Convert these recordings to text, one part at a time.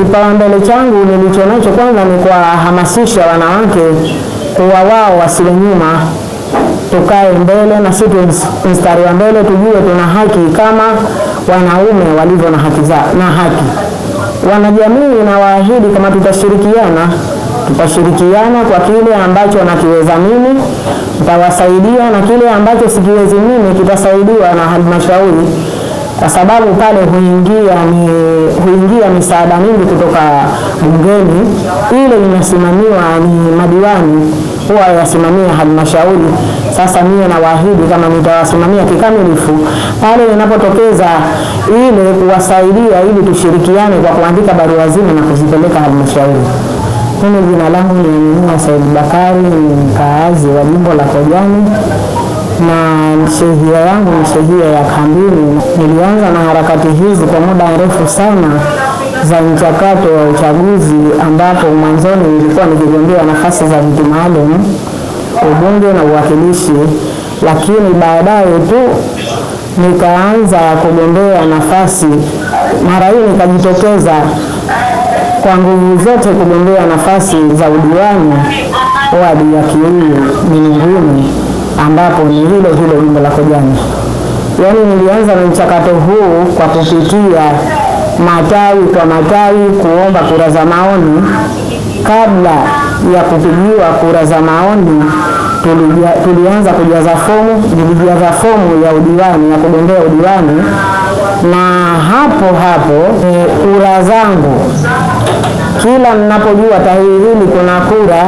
Kipaumbele changu nilicho nacho kwanza ni kuwahamasisha wanawake kuwa wao wasiwe nyuma, tukae mbele na si mstari wa mbele, tujue tuna haki kama wanaume walivyo na haki za, na haki wanajamii. Na waahidi kama tutashirikiana, tutashirikiana kwa kile ambacho nakiweza mimi nitawasaidia, na kile ambacho sikiwezi mimi kitasaidiwa na halmashauri kwa sababu pale huingia ni huingia misaada mingi kutoka bungeni. Ile inasimamiwa ni madiwani, huwa yasimamia halmashauri. Sasa mie nawaahidi kama nitawasimamia kikamilifu pale inapotokeza ile kuwasaidia, ili tushirikiane kwa kuandika barua zile na kuzipeleka halmashauri. Mimi jina langu ni saidi Bakari, ni mkaazi wa jimbo la Kojani na shehia yangu shehia ya kambini. Nilianza na harakati hizi kwa muda mrefu sana za mchakato wa uchaguzi, ambapo mwanzoni nilikuwa nikigombea nafasi za viti maalum, ubunge na uwakilishi, lakini baadaye tu nikaanza kugombea nafasi. Mara hii nikajitokeza kwa nguvu zote kugombea nafasi za udiwani wadi ya Kiuu Minunguni ambapo ni hilo hilo jimbo la Kojani. Yaani nilianza na mchakato huu kwa kupitia matawi kwa matawi kuomba kura za maoni. Kabla ya kupigiwa kura za maoni, tulianza kujaza fomu, nilijaza fomu ya udiwani ya kugombea udiwani, na hapo hapo e, kura zangu, kila mnapojua hili kuna kura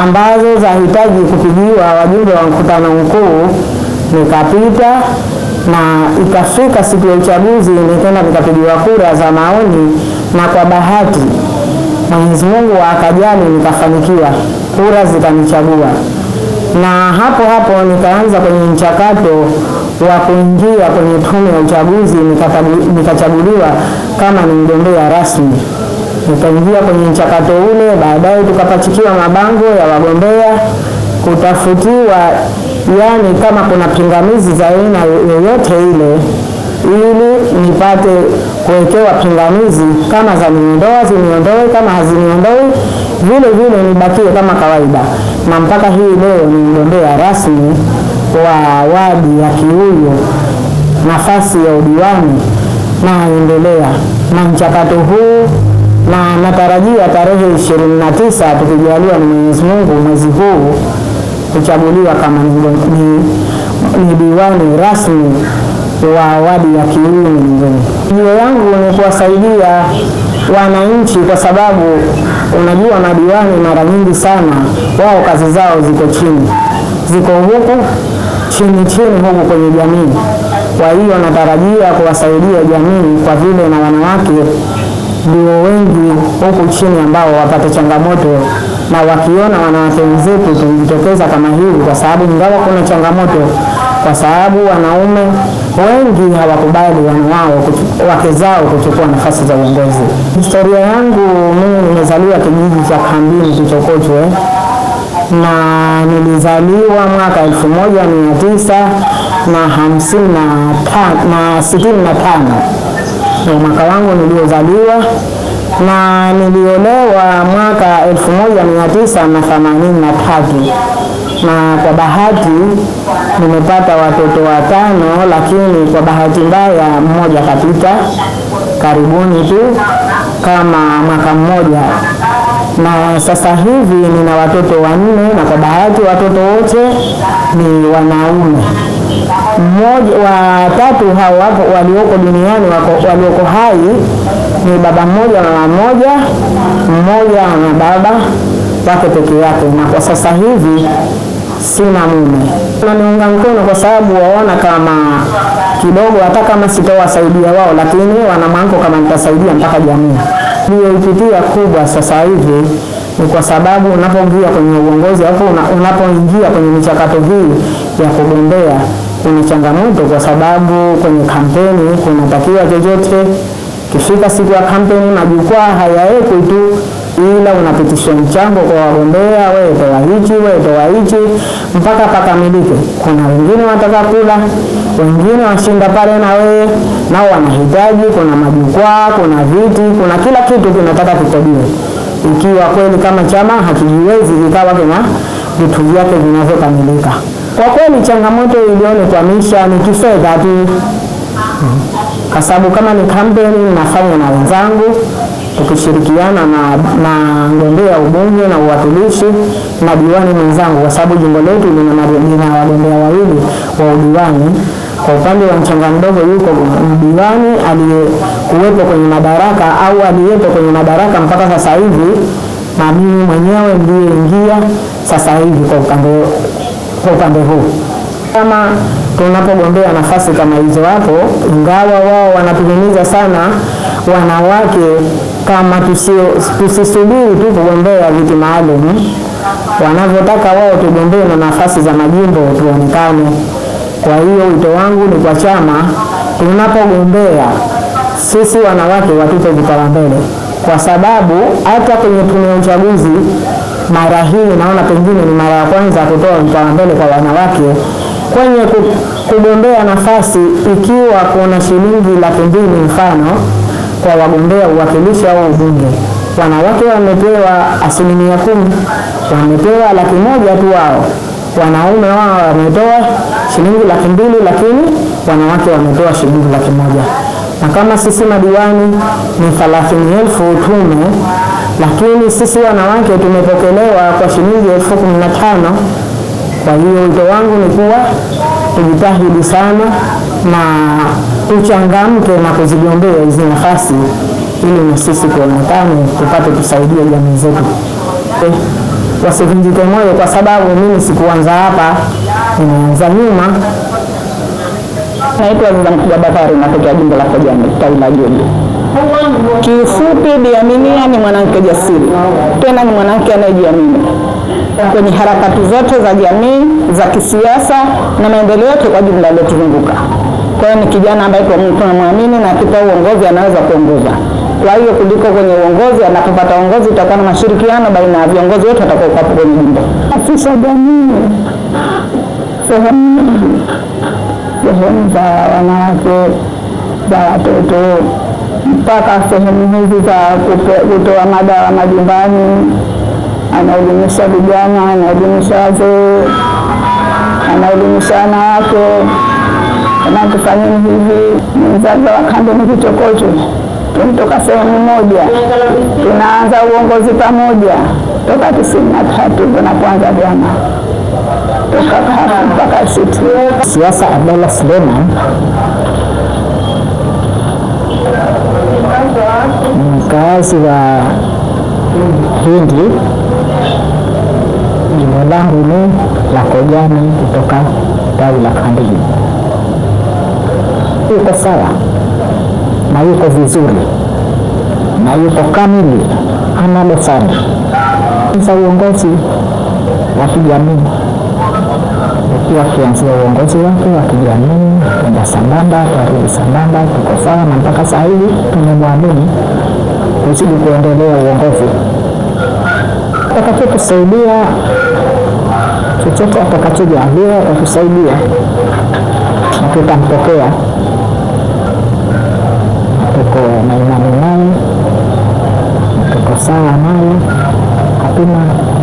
ambazo zahitaji kupigiwa wajumbe wa mkutano mkuu, nikapita na ikafika siku ya uchaguzi, nikaenda nikapigiwa kura za maoni, na kwa bahati Mwenyezi Mungu akajali, nikafanikiwa, kura zikanichagua, na hapo hapo nikaanza kwenye mchakato wa kuingia kwenye tume ya uchaguzi, nikachaguliwa kama ni mgombea rasmi. Nikaingia kwenye mchakato ule, baadaye tukapachikiwa mabango ya wagombea kutafutiwa, yani kama kuna pingamizi za aina yoyote ile ili nipate kuwekewa pingamizi, kama za niondoa ziniondoe, kama haziniondoi vile vile nibakie kama kawaida, na mpaka hii leo ni mgombea rasmi wa wadi ya Kiuyu nafasi ya udiwani, naendelea na mchakato huu na natarajia tarehe ishirini na tisa tukijaliwa na Mwenyezi Mungu mwezi huu kuchaguliwa kama ni, ni diwani rasmi wa wadi ya Kiwini Mjini. Jio yangu ni kuwasaidia wananchi, kwa sababu unajua madiwani mara nyingi sana wao kazi zao ziko chini, ziko huku chini chini huku kwenye jamii. Kwa hiyo natarajia kuwasaidia jamii, kwa vile na wanawake ndio wengi huku chini ambao wapate changamoto, na wakiona wanawake wenzetu tunajitokeza kama hivi, kwa sababu ingawa kuna changamoto, kwa sababu wanaume wengi hawakubali wanawao wake zao kuchukua nafasi za uongozi. Historia yangu mimi, nimezaliwa kijiji cha Kambini Kichokochwe na nilizaliwa mwaka elfu moja mia tisa na hamsini na sitini na tano na mwaka wangu niliozaliwa na niliolewa mwaka 1983 na kwa bahati nimepata watoto watano, lakini kwa bahati mbaya mmoja kapita karibuni tu kama mwaka mmoja, na sasa hivi nina watoto wanne, na kwa bahati watoto wote ni wanaume mmoja tatu hao wapo walioko duniani walioko hai ni baba mmoja mama mmoja mmoja na baba wake peke yake, na kwa sasa hivi sina mume. Naniunga mkono kwa sababu waona kama kidogo, hata kama sitowasaidia wao, lakini wanamwanko kama nitasaidia mpaka jamii niliyoipitia kubwa sasa hivi ni kwa sababu unapoingia kwenye uongozi au unapoingia kwenye michakato hii ya kugombea kuna changamoto kwa sababu kwenye kampeni kunatakiwa chochote kifika siku ya kampeni, majukwaa hayawekwi tu, ila unapitisha mchango kwa wagombea, wewe toa hichi, wewe toa hichi, mpaka pakamilike. Kuna wengine wataka kula, wengine washinda pale na wewe nao wanahitaji. Kuna majukwaa, kuna viti, kuna kila kitu kinataka kukodiwe, ikiwa kweli kama chama hakijiwezi kikawa kina vitu vyake vinavyokamilika. Kwa kweli changamoto iliyonikwamisha ni kifedha tu, kwa sababu kama ni kampeni nafanya na wenzangu tukishirikiana na na mgombea ubunge na uwakilishi na diwani mwenzangu, kwa sababu jimbo letu lina wagombea wawili wa udiwani. Kwa upande wa mchanga mdogo yuko mdiwani aliyekuwepo kwenye madaraka au aliyepo kwenye madaraka mpaka sasa hivi, na mimi mwenyewe ndiye ingia sasa hivi kwa upande kwa upande huu kama tunapogombea nafasi kama hizo hapo, ingawa wao wanatuhimiza sana wanawake kama tusisubiri tu kugombea viti maalum, wanavyotaka wao tugombee na nafasi za majimbo tuonekane. Kwa hiyo wito wangu ni kwa chama, tunapogombea sisi wanawake watupe vipaumbele, kwa sababu hata kwenye tume ya uchaguzi mara hii naona pengine ni mara ya kwanza kutoa mbele kwa wanawake kwenye kugombea nafasi, ikiwa kuna shilingi laki mbili mfano kwa wagombea uwakilishi au ubunge, wanawake wamepewa asilimia kumi, wamepewa laki moja tu wao wanaume wao wametoa shilingi laki mbili lakini wanawake wametoa shilingi laki moja na kama sisi madiwani ni thelathini elfu tume lakini sisi wanawake tumepokelewa kwa shilingi elfu kumi na tano. Kwa hiyo wito wangu ni kuwa tujitahidi sana na tuchangamke na kuzigombea hizi nafasi ili na sisi kuonekane tupate kusaidia jamii zetu. Eh, wasivunjike moyo kwa sababu mimi sikuanza hapa, nimeanza nyuma. Naitwa Aziza Bakari, natokea jimbo la Kojani, tawi la kifupi Bi Aminia ni mwanamke jasiri, tena ni mwanamke anayejiamini kwenye harakati zote za jamii, za kisiasa na maendeleo yote kwa jumla yaliyotuzunguka. Kwa hiyo ni kijana ambaye tunamwamini na akipewa uongozi anaweza kuongoza. Kwa hiyo kuliko kwenye uongozi, anapopata uongozi utakuwa na mashirikiano baina ya viongozi wote watakaokuwepo kwenye jimbo. Afisa jamii sehemu sehemu za wanawake za watoto mpaka sehemu hizi za kutoa madawa majumbani, anaelimisha vijana, anaelimisha wazee, anaelimisha wanawake natufanyeni hivi. Mzazi wa kambi ni kichokocho, tunatoka sehemu moja, tunaanza uongozi pamoja toka tisini na tatu tunapoanza vyama toka mpaka sitini. Siasa Abdallah Suleiman wakaazi wa hindi jina langu ni Lakojani kutoka tawi la Kandili. Yuko sawa na yuko vizuri na yuko kamili, analofanya za uongozi wa kijamii ukiwa kianzia uongozi wake wa kijamii kenda sambamba, tarudi sambamba, tuko sawa na mpaka sasa hivi tumemwamini kuzidi kuendelea uongozi, atakachotusaidia chochote atakachojaaliwa atatusaidia na tutampokea tuko na imani naye, tuko sawa naye, hatuna